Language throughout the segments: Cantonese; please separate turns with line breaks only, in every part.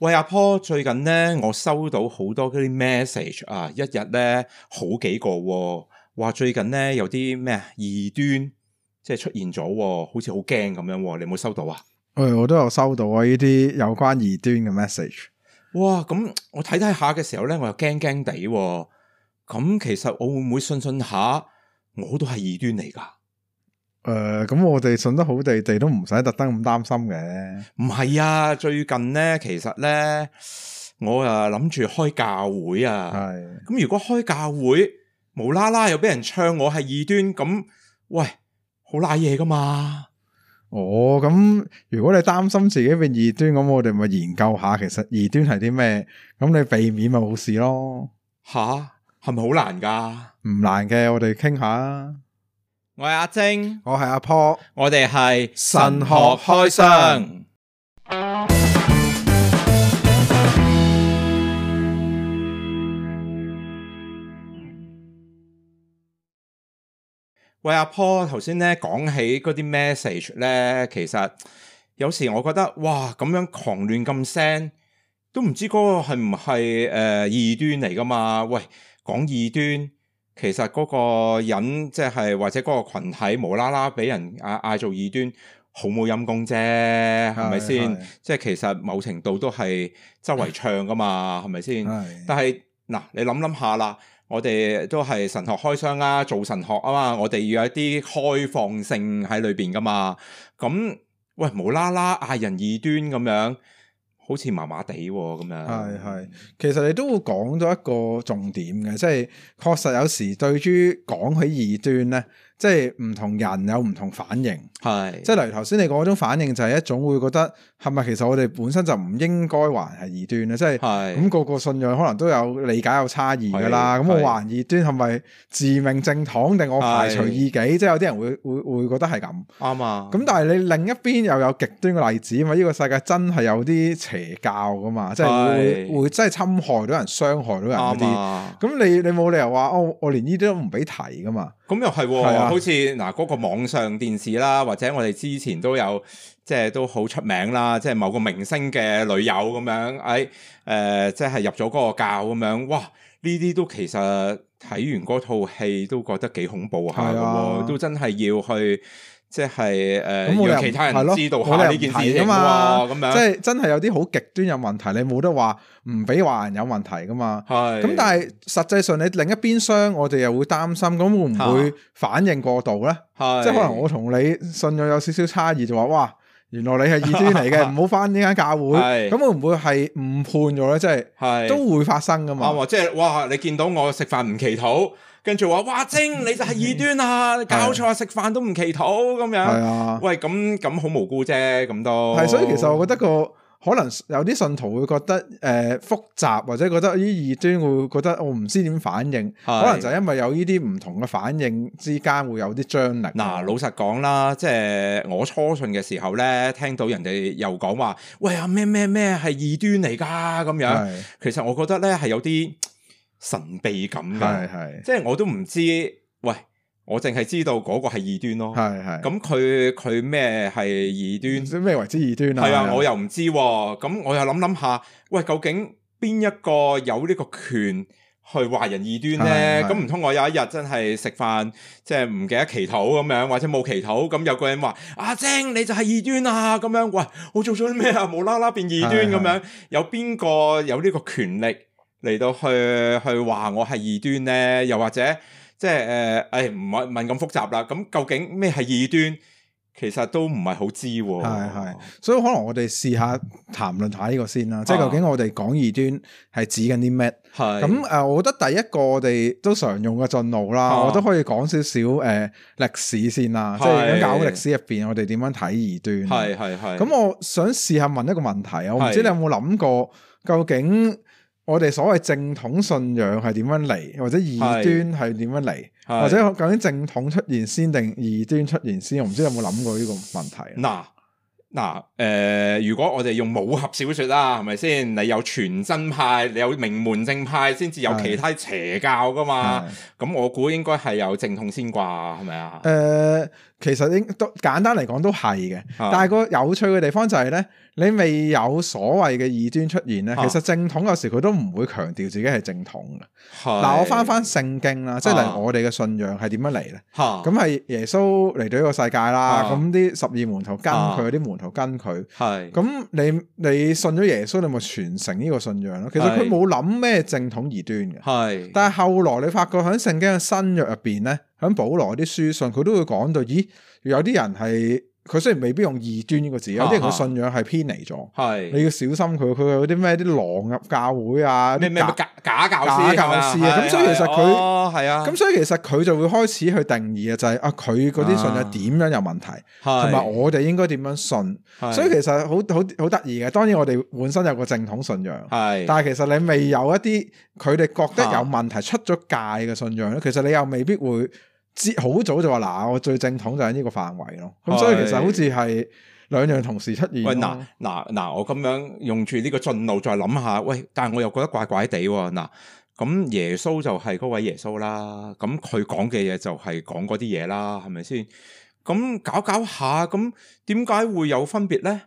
喂，阿婆，最近咧我收到好多嗰啲 message 啊，一日咧好幾個，話最近咧有啲咩啊異端，即係出現咗，好似好驚咁樣，你有冇收到啊？
誒、哎，我都有收到啊！呢啲有關異端嘅 message，
哇！咁我睇睇下嘅時候咧，我又驚驚地，咁其實我會唔會信信下？我都係異端嚟噶。誒，咁、呃、我哋信得好地地都唔使特登咁擔心嘅。唔係啊，最近咧，其實咧，我就諗住開教會啊。係。咁如果開教會，無啦啦又俾人唱我係異端，咁喂，好瀨嘢噶嘛？
哦，咁如果你擔心自己變異端，咁我哋咪研究下，其實異端係啲咩？咁你避免咪冇事咯。吓，係咪好難
噶？
唔難嘅，我哋傾下。
我係阿晶，我係阿坡，我哋係神學開箱。喂，阿坡，頭先咧講起嗰啲 message 咧，其實有時我覺得哇，咁樣狂亂咁聲，都唔知嗰個係唔係誒異端嚟噶嘛？喂，講異端。其實嗰個人即係或者嗰個羣體無啦啦俾人嗌嗌做異端，好冇陰功啫，係咪先？是是，即係其實某程度都係周圍唱噶嘛，係咪先？是是。但係嗱，你諗諗下啦，我哋都係神學開箱啦，啊，做神學啊嘛，我哋要有一啲開放性喺裏邊噶嘛。咁喂，無啦啦嗌人異端咁樣。好似麻麻地喎，咁樣。係係，其
實你都會講咗一個重點嘅，即係確實有時對於講起異端咧。即係唔同人有唔同反應，係是即係例如頭先你講嗰種反應，就係一種會覺得係咪其實我哋本身就唔應該還係異端咧？是即係咁個個信仰可能都有理解有差異噶啦。咁我還異端係咪自命正統定我排除異己？是即係有啲人會會會覺得係咁啱啊。咁是但係你另一邊又有極端嘅例子啊嘛？呢、這個世界真係有啲邪教噶嘛？即係會是會真係侵害到人、傷害到人嗰啲。咁是是你你冇理由話我、哦、我連呢啲都唔俾提噶嘛？
咁又係、哦，啊、好似嗱嗰個網上電視啦，或者我哋之前都有，即係都好出名啦，即係某個明星嘅女友咁樣，誒、哎呃，即係入咗嗰個教咁樣，哇！呢啲都其實睇完嗰套戲都覺得幾恐怖嚇、啊，啊、都真係要去。即係誒，有其他人知道下呢件事噶嘛？即係
真係有啲好極端有問題，你冇得話唔俾話人有問題噶嘛？係。咁但係實際上你另一邊廂，我哋又會擔心，咁會唔會反應過度咧？
係。即係可能我
同你信仰有少少差異，就話哇，原來你係異端嚟嘅，唔好返呢間教會。係。咁會唔會係誤判
咗咧？即係。係。都會發生噶嘛？啱喎，即係哇！你見到我食飯唔祈禱。跟住話：哇！精，你就係異端啊！搞錯，食是的 飯都唔祈禱咁樣。係啊。喂，咁咁好無辜啫，咁都係。所以其實我
覺得個可能有啲信徒會覺得誒、呃、複雜，或者覺得呢異端會覺得我唔知點反應，是的 可能就係因為有呢啲唔同嘅反應之間會有啲張力。
嗱，老實講啦，即係我初信嘅時候咧，聽到人哋又講話，喂啊咩咩咩係異端嚟㗎咁樣。其實我覺得咧係有啲。神秘感嘅，是是，即係我都唔知，喂，我淨係知道嗰個係異端咯。係係是是、嗯，咁佢佢咩係異端？咩為之異端啊？係啊，我又唔知，啊，咁，嗯嗯、我又諗諗下，喂，究竟邊一個有呢個權去話人異端咧？咁唔通我有一日真係食飯，即係唔記得祈禱咁樣，或者冇祈禱，咁，嗯，有個人話阿晶你就係異端啊？咁樣，喂，我做咗啲咩啊？無啦啦變異端咁樣是是，有邊個有呢個權力？嚟到去去話我係異端咧，又或者即係、呃哎、誒誒唔問問咁複雜啦。咁究竟咩係異端？其實都唔係好知。係
係，所以可能我哋試下談論下呢個先啦。即係究竟我哋講異端係指緊啲咩？係咁誒，我覺得第一個我哋都常用嘅進路啦，是我都可以講少少誒歷史先啦。是即係搞講歷史入邊，我哋點樣睇異端？係係係。咁我想試下問一個問題啊，我唔知你有冇諗過究竟究端？我哋所謂正統信仰係點樣嚟，或者異端
係點樣嚟，或者
究竟正統出現先定異端出現先，我唔知有冇諗過呢個問題嗱。
嗱，誒，如果我哋用武俠小說啦，係咪先？你有全真派，你有名門正派，先至有其他邪教噶嘛？咁的我估應該係有正統先啩，係咪啊？誒、
呃，其實應都簡單嚟講都係嘅，但係個有趣嘅地方就係、是、咧，你未有所謂嘅異端出現咧，其實正統有時佢都唔會強調自己係正統嘅。
嗱的，我翻翻
聖經啦，即係嚟我哋嘅信仰係點樣嚟咧？咁係的耶穌嚟到呢個世界啦，咁啲的十二門徒跟佢啲門。跟佢係，咁是你你信咗耶穌，你咪傳承呢個信仰咯。其實佢冇諗咩正統異端嘅，係是。但係後來你發覺喺聖經嘅新約入邊咧，響保羅啲書信，佢都會講到，咦，有啲人係。佢雖然未必用異端呢個字，因為佢信仰係偏離咗。係是你要小心佢，佢有啲咩啲狼入教會啊，咩咩假假教，假教師啊。咁嗎所以其實佢，係、哦、啊。咁所以其實佢就會開始去定義、就是、啊，就係啊，佢嗰啲信仰點樣有問題，同埋、啊、我哋應該點樣信。是所以其實好好好得意嘅。當然我哋本身有個正統信仰，
係是。但係其
實你未有一啲佢哋覺得有問題出咗界嘅信仰咧，嗯、其實你又未必會。好早就話嗱，我最正統就喺呢個範圍咯，咁是所以其實好似係兩樣同時出現。喂，嗱
嗱嗱，我咁樣用住呢個進路再諗下，喂，但係我又覺得怪怪地喎。嗱、呃、咁、嗯、耶穌就係嗰位耶穌啦，咁佢講嘅嘢就係講嗰啲嘢啦，係咪先？咁、嗯、搞搞下，咁點解會有分別咧？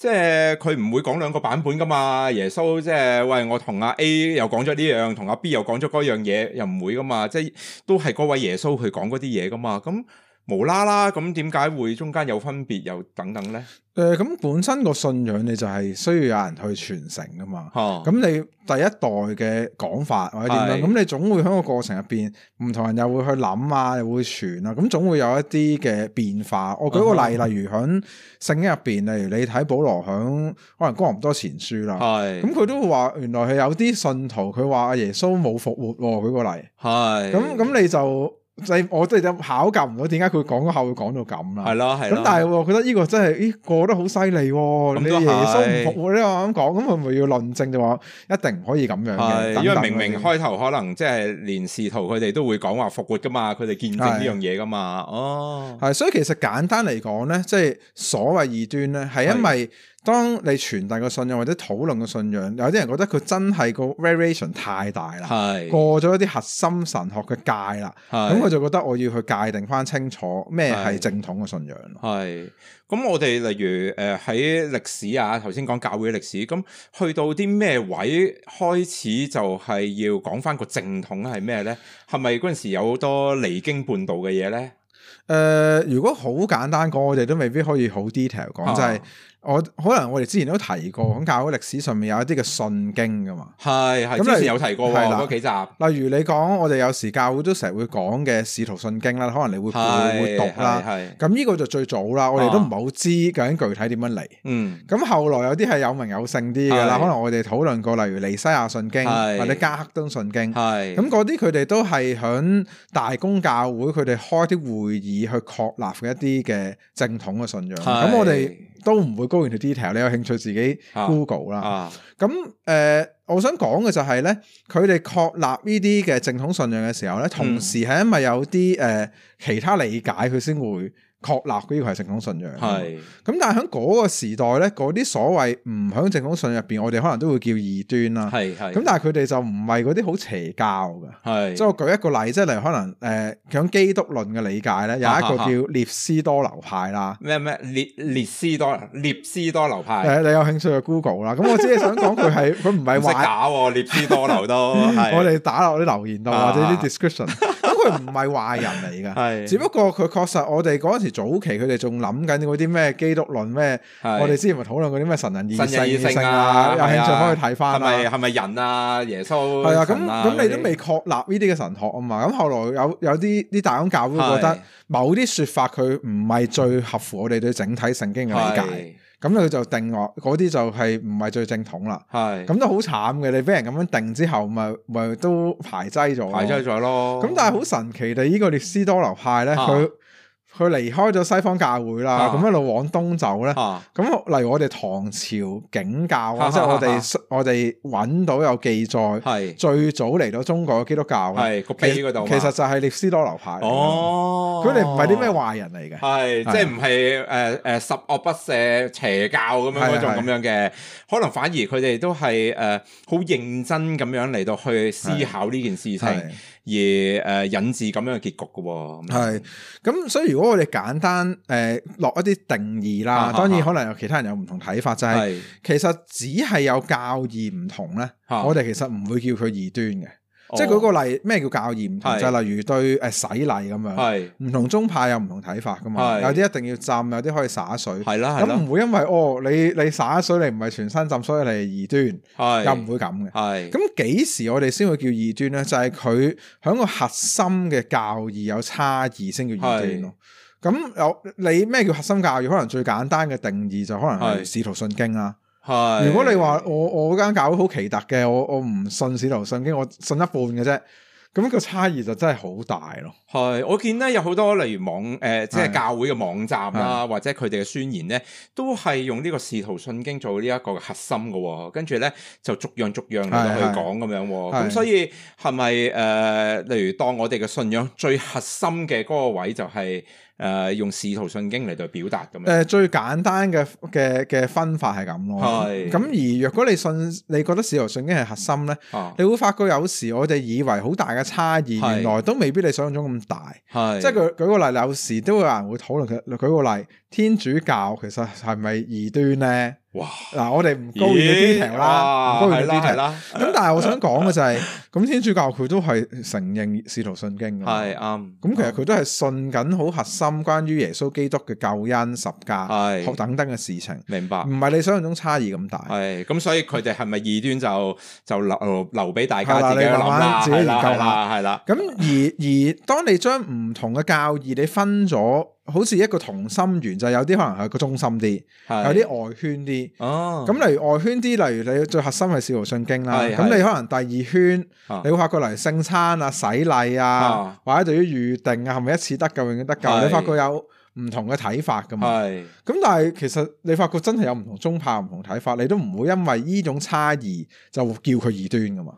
即係佢唔會講兩個版本㗎嘛，耶穌即係喂，我同阿 A 又講咗呢樣，同阿 B 又講咗嗰樣嘢，又唔會㗎嘛，即係都係嗰位耶穌去講嗰啲嘢㗎嘛，咁。無啦啦咁，點解會中間有分別又等等咧？
誒、huh. like，咁本身個信仰你就係需要有人去傳承噶嘛？哦，咁你第一代嘅講法或者點樣，咁你總會喺個過程入邊，唔同人又會去諗啊，又會傳啊，咁總會有一啲嘅變化。我舉個例，例如響聖經入邊，例如你睇保羅響可能哥林多前書啦，係咁佢都會話原來係有啲信徒佢話阿耶穌冇復活。舉個例，係咁咁你就。就我真係考究唔到點解，佢講嗰下會講到咁啦。係咯係。咁但係我覺得呢個真係，咦過得好犀利喎！你耶穌唔復活咧，我咁講咁，會唔會要論證就話一定唔可以咁樣嘅？因為明明
開頭可能即係連使徒佢哋都會講話復活噶嘛，佢哋見證呢樣嘢噶嘛。的哦，
係，所以其實簡單嚟講咧，即係所謂異端咧，係因為。當你傳遞個信仰或者討論個信仰，有啲人覺得佢真係個 variation 太大
啦，是過
咗一啲核心神學嘅界啦，咁我是就覺得我要去界定翻清楚咩係正統嘅信仰
咯。係，咁我哋例如誒喺歷史啊，頭先講教會歷史，咁去到啲咩位開始就係要講翻個正統係咩咧？係咪嗰陣時有好多離經叛道嘅嘢咧？
誒、呃，如果好簡單講，我哋都未必可以好 detail 講，就係、啊。我可能我哋之前都提過，咁教會歷史上面有一啲嘅信經噶嘛，
係係咁之前有提過幾集。
例如你講，我哋有時教會都成日會講嘅使徒信經啦，可能你會會讀啦。咁呢個就最早啦，我哋都唔係好知究竟具體點樣嚟。嗯，咁後來有啲係有名有姓啲噶啦，可能我哋討論過，例如尼西亞信經或者加克敦信經。係咁嗰啲，佢哋都係響大公教會，佢哋開啲會議去確立一啲嘅正統嘅信仰。咁我哋。都唔會高完條 detail，你有興趣自己 Google 啦。咁誒、啊啊呃，我想講嘅就係、是、呢，佢哋確立呢啲嘅正統信仰嘅時候呢，同時係因為有啲誒、呃、其他理解佢先會。確立嗰啲係正統信仰，係咁是但係喺嗰個時代咧，嗰啲所謂唔響正統信入邊，我哋可能都會叫異端啦，係係是。咁但係佢哋就唔係嗰啲好邪教嘅。係是。即係我舉一個例，即係例如可能誒，響、呃、基督論嘅理解咧，有一個叫涅斯多留派啦，
咩咩涅涅斯多涅斯多留派。誒、啊啊啊欸，
你有興趣就 Google 啦。咁 我只係想講佢係佢唔係假
涅斯多留都。 我哋
打落啲留言度或者啲 description。
佢唔係壞人嚟噶，係是只
不過佢確實我哋嗰陣時早期佢哋仲諗緊嗰啲咩基督論咩？是我哋之前咪討論嗰啲咩神人二性，性啊，性啊有興趣可以睇翻，係咪係咪
人啊耶穌神啊咁咁、啊、你都未確立呢啲嘅神學啊嘛，
咁後來有有啲啲大公教會覺得某啲說法佢唔係最合乎我哋對整體聖經嘅理解。咁佢就定我，嗰啲就係唔係最正統啦。係是，咁都好慘嘅。你俾人咁樣定之後，咪咪都排擠咗。排擠咗
咯。咁但
係好神奇地，呢、這個涅斯多留派呢。佢、啊。佢離開咗西方教會啦，咁一路往東走咧，咁例如我哋唐朝景教，即係我哋我哋揾到有記載，係最早嚟到中國嘅基督教，係個碑嗰度。其實就係涅斯多留派。
哦，佢哋唔
係啲咩壞人嚟
嘅，係即係唔係誒誒十惡不赦邪教咁樣嗰種咁樣嘅，可能反而佢哋都係誒好認真咁樣嚟到去思考呢件事情，而誒引致咁樣嘅結局嘅喎。
係，咁所以如果我哋簡單誒落一啲定義啦，當然可能有其他人有唔同睇法，就係其實只係有教義唔同咧。我哋其實唔會叫佢異端嘅，即係舉個例咩叫教義唔同，就例如對誒洗禮咁樣，係唔同宗派有唔同睇法噶嘛。有啲一定要浸，有啲可以灑水，係啦。咁唔會因為哦，你你灑水你唔係全身浸，所以你係異端，係又唔會咁嘅。係。咁幾時我哋先會叫異端咧？就係佢喺個核心嘅教義有差異先叫異端咯。咁有你咩叫核心教義？可能最簡單嘅定義就可能係使徒信經啊。係是如果你話我我間教會好奇特嘅，我我唔信使徒信經，我信一半嘅啫。咁、那個差異就真係好大咯。
係我見咧有好多例如網誒、呃，即係教會嘅網站啊，是或者佢哋嘅宣言咧，都係用呢個使徒信經做呢一個核心嘅、哦。跟住咧就逐樣逐樣嚟去講咁樣。咁所以係咪誒？例如當我哋嘅信仰最核心嘅嗰個位就係、是。誒、呃、用使徒信經嚟對表達咁樣，誒、呃、
最簡單嘅嘅嘅分法係咁咯。係咁是而若果你信，你覺得使徒信經係核心咧，啊、你會發覺有時我哋以為好大嘅差異，是原來都未必你想象,中咁大。係是即係舉舉個例，有時都有人會討論佢。舉個例，天主教其實係咪異端咧？哇！嗱，我哋唔高怨啲平啦，高怨啲平啦。咁但係我想講嘅就係，咁天主教佢都係承認使徒信經嘅，係啱。咁其實佢都係信緊好核心關於耶穌基督嘅救恩、
十架、係等等嘅事情。明白？唔係
你想象中差異咁大。
係咁，所以佢哋係咪異端就就留留俾大家自己諗啦，自己研究啦，係啦。咁而
而當你將唔同嘅教義你分咗。好似一個同心圓，就是、有啲可能係個中心啲，是有啲外圈啲。咁、哦、例如外圈啲，例如你最核心係《使徒信經》啦是，咁你可能第二圈，啊、你會發覺嚟聖餐禮啊、洗禮啊，或者對於預定啊，係咪一次得救，永遠得救？是你發覺有唔同嘅睇法噶嘛？咁是但係其實你發覺真係有唔同宗派、唔同睇法，你都唔會因為呢種差異就叫佢異端噶嘛。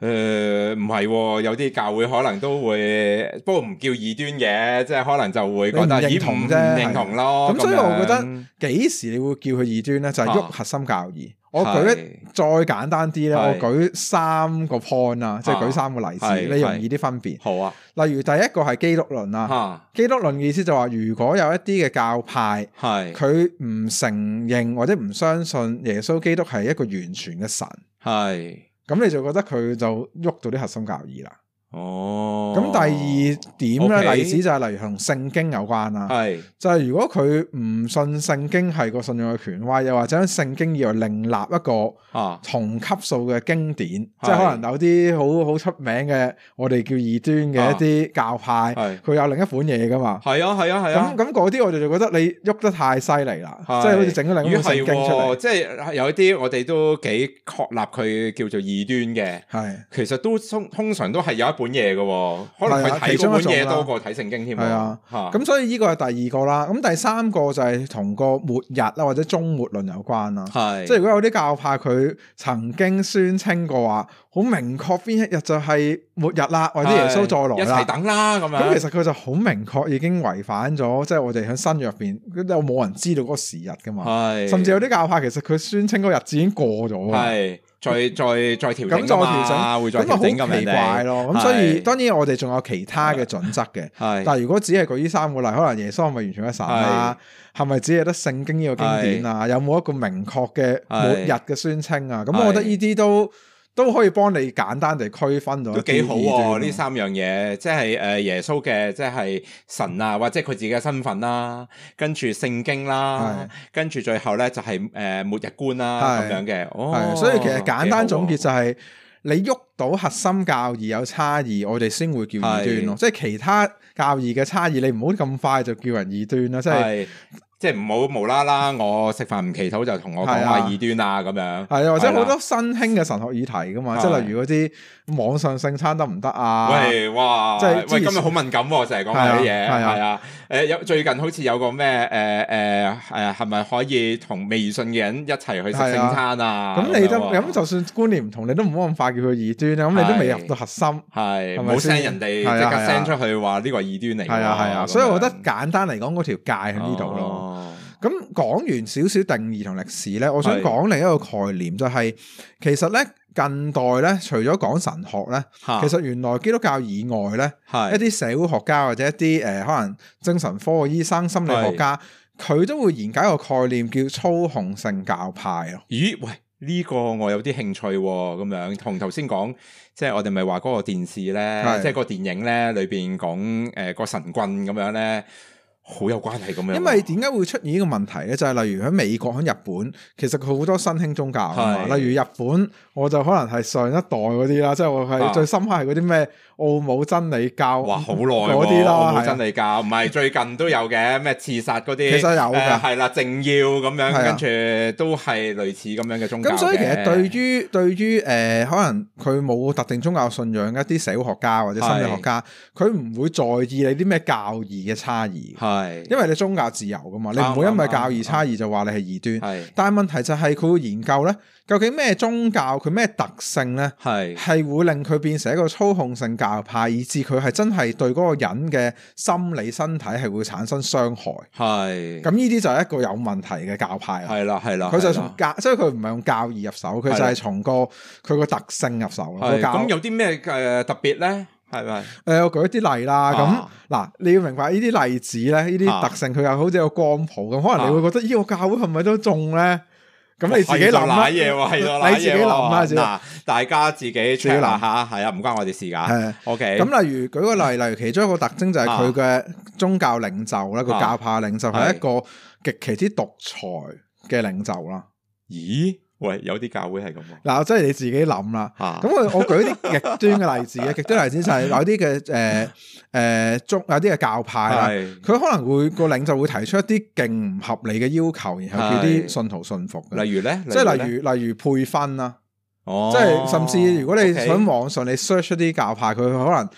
誒，唔係，有啲教會可能都會，不過唔叫異端嘅，即係可能就會覺得唔認同啫，認同咯。咁所以我覺得
幾時你會叫佢異端咧？就係喐核心教義。我舉再簡單啲咧，我舉三個 point 啊，即係舉三個例子，你容易啲分辨。好啊，例如第一個係基督論啊，基督論嘅意思就話，如果有一啲嘅教派係佢唔承認或者唔相信耶穌基督係一個完全嘅神，係。咁你就覺得佢就喐到啲核心教義啦。
哦，咁第二點呢 Okay. 例子就
係例如同聖經有關啦，啊，係是就係如果佢唔信聖經係個信仰嘅權威，又或者聖經以外另立一個啊同級數嘅經典，啊，即係可能有啲好好出名嘅我哋叫異端嘅一啲教派，係佢，啊，有另一款嘢㗎嘛。係啊，
係啊，係啊，咁咁
嗰啲我哋就覺得你喐得太犀利啦，是即係好似整咗另一本聖經出嚟，嗯嗯，即
係有一啲我哋都幾確立佢叫做異端嘅，係，啊啊，其實都通通常都係有一本嘢嘅，可能佢睇咗本嘢多過睇聖經添。係啊，咁、啊、
所以呢個係第二個啦。咁第三個就係同個末日啦，或者終末論有關啦。係是，即係如果有啲教派佢曾經宣稱過話，好明確邊一日就係末日啦，或者耶穌再嚟，一齊等
啦咁樣。咁其實
佢就好明確，已經違反咗，即、就、係、是、我哋喺新約入邊，有冇人知道嗰個時日噶嘛？係是，甚至有啲教派其實佢宣稱嗰日子已經過咗。係。
再再再調整啊！再調整，會再調整，咁啊好奇怪咯！咁家所以是
當然我哋仲有其他嘅準則嘅。係是，但係如果只係舉呢三個例，可能耶穌係咪完全一神啊？係咪是只係得聖經呢個經典啊？是有冇一個明確嘅末日嘅宣稱啊？咁是我覺得呢啲都。都可以幫你簡單地區分咗。都幾好喎、啊，呢
三樣嘢，即係誒、呃、耶穌嘅，即係神啊，或者佢自己嘅身份啦、啊，跟住聖經啦、啊，是跟住最後咧就係、是、誒、呃、末日觀啦、啊、咁是樣嘅。哦，所以其實簡單總結
就係、是啊、你喐到核心教義有差異，我哋先會叫異端咯。是即係其他教義嘅差異，你唔好咁快就叫人異端啦。即
係是。是即係唔好無啦啦，我食飯唔祈禱就同我講下異端啊咁樣。係啊，或者好多
新興嘅神學議題噶嘛，即係例如嗰啲網上聖餐得唔得啊？喂，哇！
即係喂，今日好敏感喎，成日講呢啲嘢。係啊，誒，有最近好似有個咩？誒，誒，誒，係咪可以同微信嘅人一齊去食聖餐啊？咁你都咁
就算觀念唔同，你都唔好咁快叫佢異端啊！咁你都未入到核心，
係唔好 send 人哋即刻 send 出去話呢個係異端嚟。係啊，係啊，所以我覺得簡單嚟講，嗰條界喺呢度咯。
哦，咁講完少少定義同歷史咧，是我想講另一個概念，就係、是、其實咧近代咧，除咗講神學咧，是其實原來基督教以外咧，是一啲社會學家或者一啲誒、呃、可能精神科醫生、心理學家，佢
是都會研究一個概念叫操控性教派咯。咦，喂，呢、這個我有啲興趣咁、啊、樣，同頭先講，即、就、係、是、我哋咪話嗰個電視咧，即係是個電影咧裏邊講誒個神棍咁樣咧。好有關係咁樣、啊，因為
點解會出現呢個問題呢？就係、是、例如喺美國、喺日本，其實佢好多新興宗教是例如日本，我就可能係上一代嗰啲啦，即係我係、啊、最深刻係嗰啲咩？奧姆真理教，哇、
啊，好耐嗰啲啦。奧姆真理教，唔係最近都有嘅咩刺殺嗰啲，其實有係啦、呃啊，政要咁樣，啊、跟住都係類似咁樣嘅宗教。咁所以其實對
於對於誒、呃，可能佢冇特定宗教信仰嘅一啲社會學家或者心理學家，佢唔是會在意你啲咩教義嘅差異。係是，因為你宗教自由噶嘛，是你唔會因為教義差異就話你係異端。係，但係問題就係佢會研究咧。究竟咩宗教佢咩特性咧？係係是會令佢變成一個操控性教派，以至佢係真係對嗰個人嘅心理、身體係會產生傷害。係咁是，呢啲就係一個有問題嘅教派啦。係
啦，係啦，佢就從
教，即係佢唔係用教義入手，佢的就係從個佢個特性入手。係咁的，教咁
有啲咩誒特別咧？係
咪？誒、呃，我舉一啲例啦。咁嗱、啊啊，你要明白呢啲例子咧，呢啲特性佢又好似有光譜咁，可能你會覺得呢個、啊、教會係咪都中咧？咁你自己諗下嘢啦，的你自己諗啦。嗱的，
大家自己 check 下吓，係啊的，唔關我哋事噶。OK。咁例
如舉個例，例如其中一個特徵就係佢嘅宗教領袖咧，個、啊、教派領袖係一個極其之獨裁嘅領袖啦。咦、啊？
喂，有啲教會係
咁。嗱，即係你自己諗啦。咁我、啊、我舉啲極端嘅例子， 極端例子就係有啲嘅誒誒中有啲嘅教派啦，佢是可能會個領袖會提出一啲勁唔合理嘅要求，然後叫啲信徒信服。例如咧，即係例如例如，例如配分啦，哦、即係甚至如果你喺 okay. 網上你 search 一啲教派，佢可能。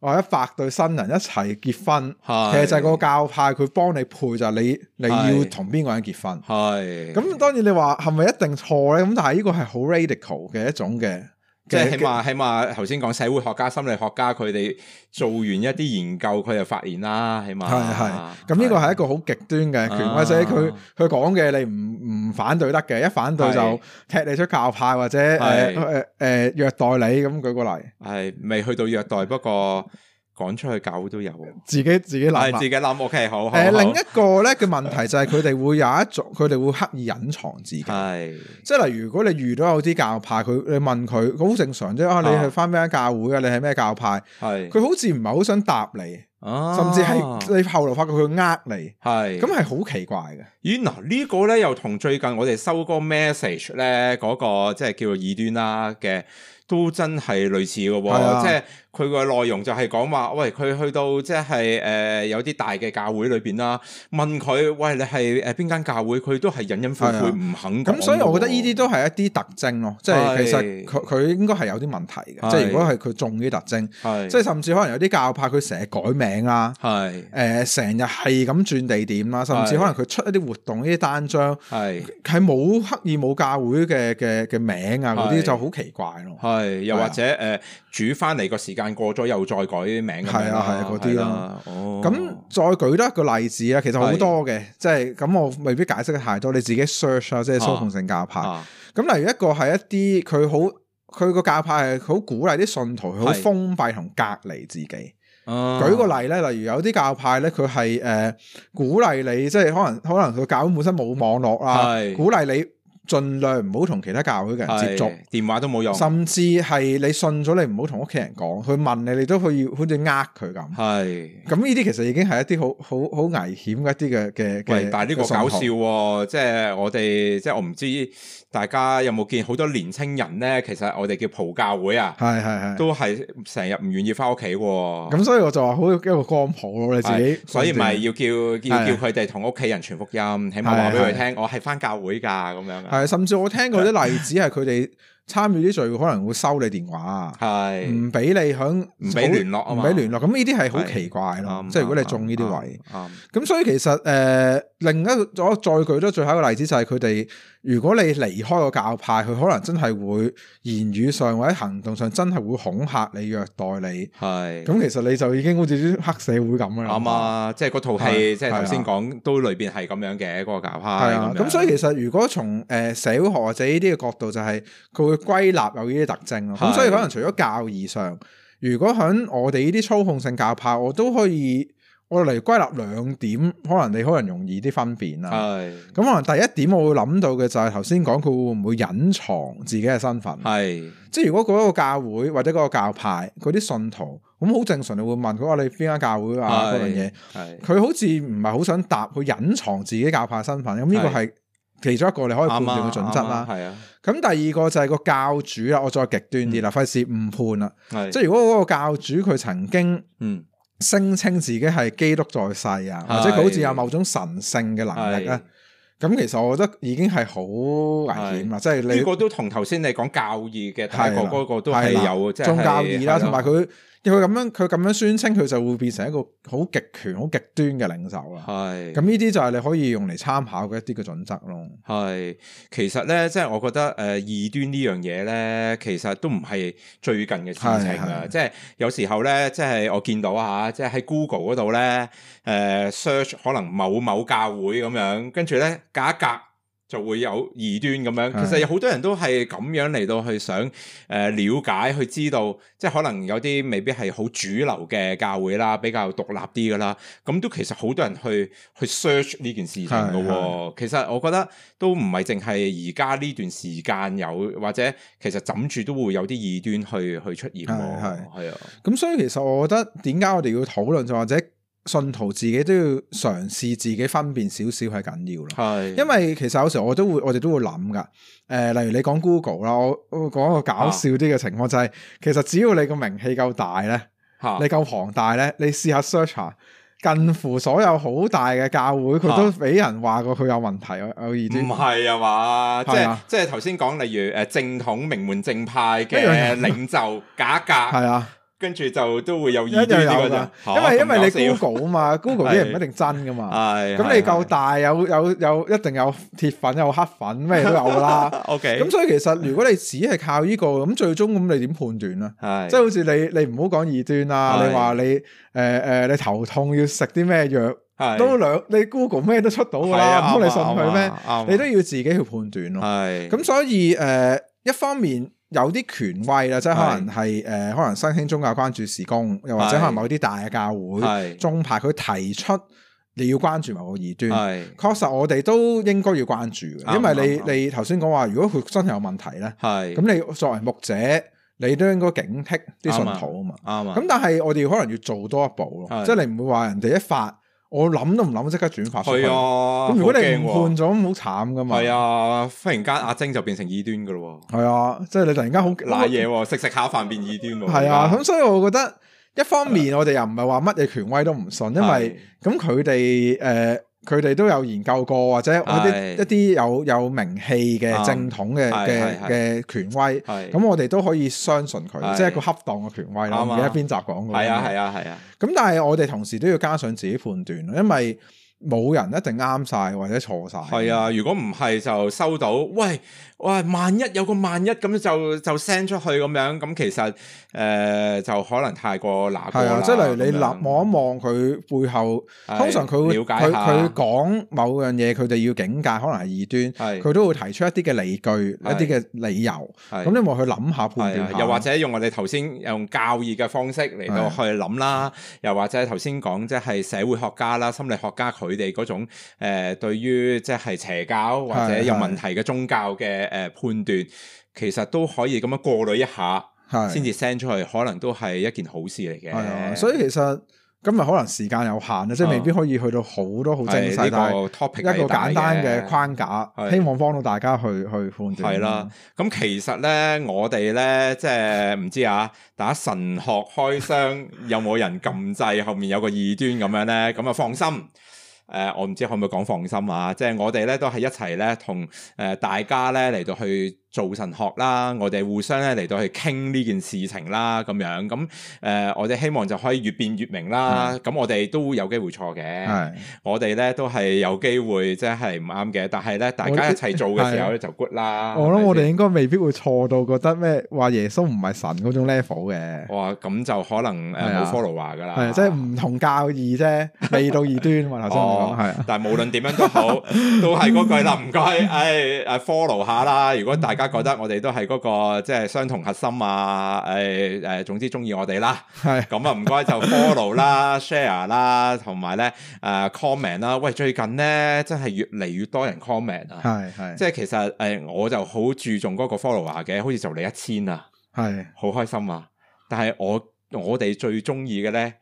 或者一百對新人一齊結婚，是其實就係個教派佢幫你配就係你，是你要同邊個人結婚。咁是，當然你話係咪一定錯呢？咁但係呢個係好 radical 嘅一種嘅。
即係起碼起碼，頭先講社會學家、心理學家，佢哋做完一啲研究，佢就發現啦。起碼係係，
咁呢個係一個好極端嘅權威者啊。所以佢佢講嘅，你唔唔反對得嘅，一反對就踢你出教派或者誒誒誒虐待你，咁舉個例。
係未去到虐待，不過。講出去教會都有，自己自己諗，自己諗 O K 好。誒，另一
個咧嘅問題就係佢哋會有一種，佢哋會刻意隱藏自己。係，即係例如果你遇到有啲教派，佢你問佢，好正常啫。啊，你係翻咩教會啊？你係咩教派？係。佢好似唔係好想答你，
甚至係
你後來發覺佢呃你，
係。咁係
好奇怪嘅。
咦嗱？呢個咧又同最近我哋收嗰個 message 咧嗰個即係叫做異端啦嘅，都真係類似嘅喎，即係。佢個內容就係講話，喂，佢去到即係誒有啲大嘅教會裏邊啦，問佢，喂，你係誒邊間教會？佢都係隱隱晦晦唔肯。咁所以，我覺得呢
啲都係一啲特徵咯。即係其實佢佢應該係有啲問題嘅。即係如果係佢中啲特徵，係即係甚至可能有啲教派，佢成日改名啊，係誒成日係咁轉地點啦，甚至可能佢出一啲活動、呢啲單張，係係冇刻意、冇教會嘅嘅嘅名啊，嗰啲就好奇怪咯。
係又或者誒，煮翻嚟個時。時間過咗又再改名，名，係啊係啊嗰啲咯。咁、
啊哦、再舉多一個例子啊，其實好多嘅，是即係咁我未必解釋得太多。你自己 search 啦、啊，即係操控性教派。咁、啊、例如一個係一啲佢好，佢個教派係好鼓勵啲信徒，好封閉同隔離自己。是舉個例咧，例如有啲教派咧，佢係誒鼓勵你，即係可能可能個教本身冇網絡啦是、啊，鼓勵你。儘量唔好同其他教會嘅人接觸，
電話都冇用。甚
至係你信咗，你唔好同屋企人講，佢問你，你都可以好似呃佢咁。
係。
咁呢啲其實已經係一啲好好好危險一啲嘅嘅嘅。但係呢個搞笑，
即係我哋即係我唔知大家有冇見好多年青人咧，其實我哋叫蒲教會啊，係
係係，都係
成日唔願意翻屋企喎。咁所
以我就話好一個光譜咯，你自己，所以咪要
叫要叫佢哋同屋企人傳福音，起碼話俾佢聽，我係翻教會㗎，咁樣。
係，甚至我聽過啲例子係佢哋參與啲聚會， 可能會收你電話，係唔俾你響，唔俾聯絡嘛，唔俾聯絡。咁呢啲係好奇怪咯，是即係如果你中呢啲位。啱。咁所以其實誒、呃，另一個我再舉多最後一個例子就係佢哋。如果你離開個教派，佢可能真係會言語上或者行動上真係會恐嚇你、虐待你。係。咁其實你就已經好似啲黑社會咁啦。啱啊！
即係嗰套戲，即係頭先講都裏邊係咁樣嘅嗰個教派。係啊。咁所以其
實如果從誒、呃、社會學或者呢啲嘅角度，就係佢會歸納有呢啲特徵咯。咁所以可能除咗教義上，如果響我哋呢啲操控性教派，我都可以。我嚟歸納兩點，可能你可能容易啲分辨啦。係咁，可能第一點我會諗到嘅就係頭先講佢會唔會隱藏自己嘅身份。
係，
即係如果嗰個教會或者嗰個教派嗰啲信徒，咁好正常你會問佢話你邊間教會啊嗰樣嘢。係佢好似唔係好想答，去隱藏自己教派身份。咁呢個係其中一個你可以判斷嘅準則啦。係啊。咁第二個就係個教主啦。我再極端啲啦，費事誤判啦。係，即係如果嗰個教主佢曾經嗯。聲稱自己係基督在世啊，或者佢好似有某種神聖嘅能力咧，咁的其實我覺得已經係好危險啦。的即係你呢個都
同頭先你講教義嘅，係嗰個都係有，即係宗教義啦，同埋佢。
佢咁樣佢咁樣宣稱，佢就會變成一個好極權、好極端嘅領袖啦。係，咁呢啲就係你可以用嚟參考嘅一啲嘅準則咯。
係，其實咧，即係我覺得，誒、呃、異端呢樣嘢咧，其實都唔係最近嘅事情啊。即係有時候咧，即係我見到吓，即係喺 Google 嗰度咧，誒、呃、search 可能某某教會咁樣，跟住咧隔一隔。就會有異端咁樣，其實有好多人都係咁樣嚟到去想誒、呃、了解去知道，即係可能有啲未必係好主流嘅教會啦，比較獨立啲嘅啦，咁都其實好多人去去 search 呢件事情嘅喎、哦。其實我覺得都唔係淨係而家呢段時間有，或者其實枕住都會有啲異端去去出現喎、哦。係
啊，咁、哦、所以其實我覺得點解我哋要討論，就或者信徒自己都要嘗試自己分辨少少係緊要咯，係，因為其實有時候我都會，我哋都會諗㗎，誒、呃，例如你講 Google 啦，我講一個搞笑啲嘅情況就係，啊、其實只要你個名氣夠大咧，
嚇，你夠
龐大咧，你試下 search 下，近乎所有好大嘅教會，佢都俾人話過佢有問題，我意 啊，有異端。唔係啊
嘛，即係即係頭先講，例如誒正統名門正派嘅領袖假格、嗯，係 啊。跟住就都會有異端呢個就，因為因為你 Google 啊
嘛，Google 啲唔一定真噶嘛。係。
咁你夠
大，有有有一定有鐵粉，有黑粉，咩都有噶啦。OK。咁所以其實如果你只係靠呢個，咁最終咁你點判斷啊？係。即係好似你你唔好講異端啦，你話你誒誒你頭痛要食啲咩藥？係。都兩你 Google 咩都出到㗎啦，唔通你信佢咩？你都要自己去判斷咯。係。咁所以誒一方面。有啲權威啦，即係可能係誒是、呃，可能新興宗教關注事工，又或者可能某啲大嘅教會、宗派是，佢提出你要關注某個異端，是確實我哋都應該要關注嘅，因為你的你頭先講話，如果佢真係有問題咧，係咁的你作為牧者，你都應該警惕啲信徒啊
嘛，啱，咁但
係我哋可能要做多一步咯，即係的你唔會話人哋一發。我諗都唔諗，即刻轉發。係啊，咁如果你誤判咗，咁好慘噶嘛。係啊，
忽然間阿晶就變成異端噶咯。
係啊，即係你突然間好瀨嘢，
食食下飯變異端。係啊，咁
該所以我覺得一方面我哋又唔係話乜嘢權威都唔信，啊、因為咁佢哋誒。佢哋都有研究過，或者一啲一啲有有名氣嘅正統嘅嘅嘅權威，咁我哋都可以相信佢，即係對一個恰當嘅權威咯。唔記得邊集講過嘅。係啊係啊係
啊。
咁但係我哋同時都要加上自己判斷，因為。冇人一定啱晒或者錯
晒。係啊，如果唔係就收到。喂，哇，萬一有個萬一咁就就 send 出去咁樣，咁其實誒、呃、就可能太過冷。係、啊、即係例如你
望樣一望佢背後，通常佢佢佢講某樣嘢，佢哋要警戒，可能係異端，佢是都會提出一啲嘅理據，是一啲嘅理由。咁是你話去諗是下判斷、啊、又或者
用我哋頭先用教義嘅方式嚟到去諗啦是是，又或者頭先講即係社會學家啦、心理學家佢哋嗰種誒，對於即係邪教或者有問題嘅宗教嘅誒判斷，的其實都可以咁樣過濾一下，先至 send 出去，的可能都係一件好事嚟嘅。所以
其實今日可能時間有限啊，嗯、即係未必可以去到好多好精細呢、這個 topic。一個簡單嘅框架，的的希望幫到大家去去判斷。係啦，
咁其實咧，我哋咧即係唔知啊，打神學開箱 有冇人撳掣，後面有個異端咁樣咧，咁啊放心。誒、呃，我唔知可唔可以講放心啊！即係我哋咧都係一齊咧，同誒、呃、大家咧嚟到去。做神學啦，我哋互相咧嚟到去傾呢件事情啦，咁樣咁誒、呃，我哋希望就可以越變越明啦。咁的我哋都有機會錯嘅，的我哋咧都係有機會即係唔啱嘅。但係咧，大家一齊做嘅時候咧就 good 啦。我諗我哋應
該未必會錯到覺得咩話耶穌唔係神嗰種 level 嘅。
哇、哦，咁就可能冇 follow 話㗎啦。係、呃、的
即係唔同教義啫，未到異端。嘛，頭先、 哦、
的但係無論點樣都好， 都係嗰句啦。唔該，誒、哎、誒 follow 下啦。如果大大家覺得我哋都係嗰、那個即係相同核心啊！誒、哎、誒，總之中意我哋啦。係咁啊，唔該，就，就 follow 啦、 share 啦，同埋咧誒 comment 啦。喂，最近咧真係越嚟越多人 comment 啊。
係係是，
即係其實誒、哎、我就好注重嗰個 follower 啊、er、嘅，好似就嚟一千啊。係是，好開心啊！但係我我哋最中意嘅咧。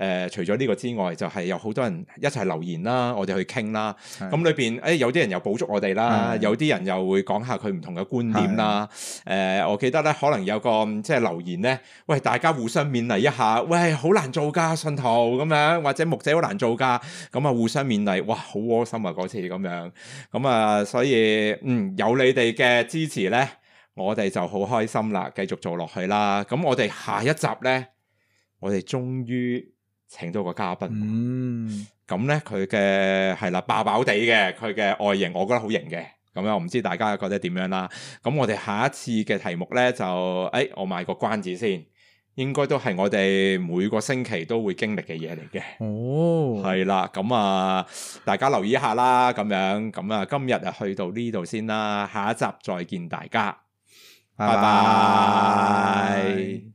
誒，除咗呢個之外，就係有好多人一齊留言啦，我哋去傾啦。咁裏邊，誒有啲人又補足我哋啦，有啲人又會講下佢唔同嘅觀點啦。誒，我記得咧，可能有個即係留言咧，喂，大家互相勉勵一下，喂，好難做㗎信徒咁樣，或者牧者好難做㗎，咁啊互相勉勵，哇，好窩心啊嗰次咁樣。咁啊，所以嗯，有你哋嘅支持咧，我哋就好開心啦，繼續做落去啦。咁我哋下一集咧，我哋終於～請到個嘉賓，咁、嗯、呢，佢嘅係啦，爆爆地嘅佢嘅外形，我覺得好型嘅。咁樣我唔知大家覺得點樣啦。咁我哋下一次嘅題目呢，就，誒、哎、我賣個關子先，應該都係我哋每個星期都會經歷嘅嘢嚟嘅。哦，係啦，咁啊，大家留意一下啦。咁樣，咁啊，今日就去到呢度先啦。下一集再見大家，拜拜。拜拜。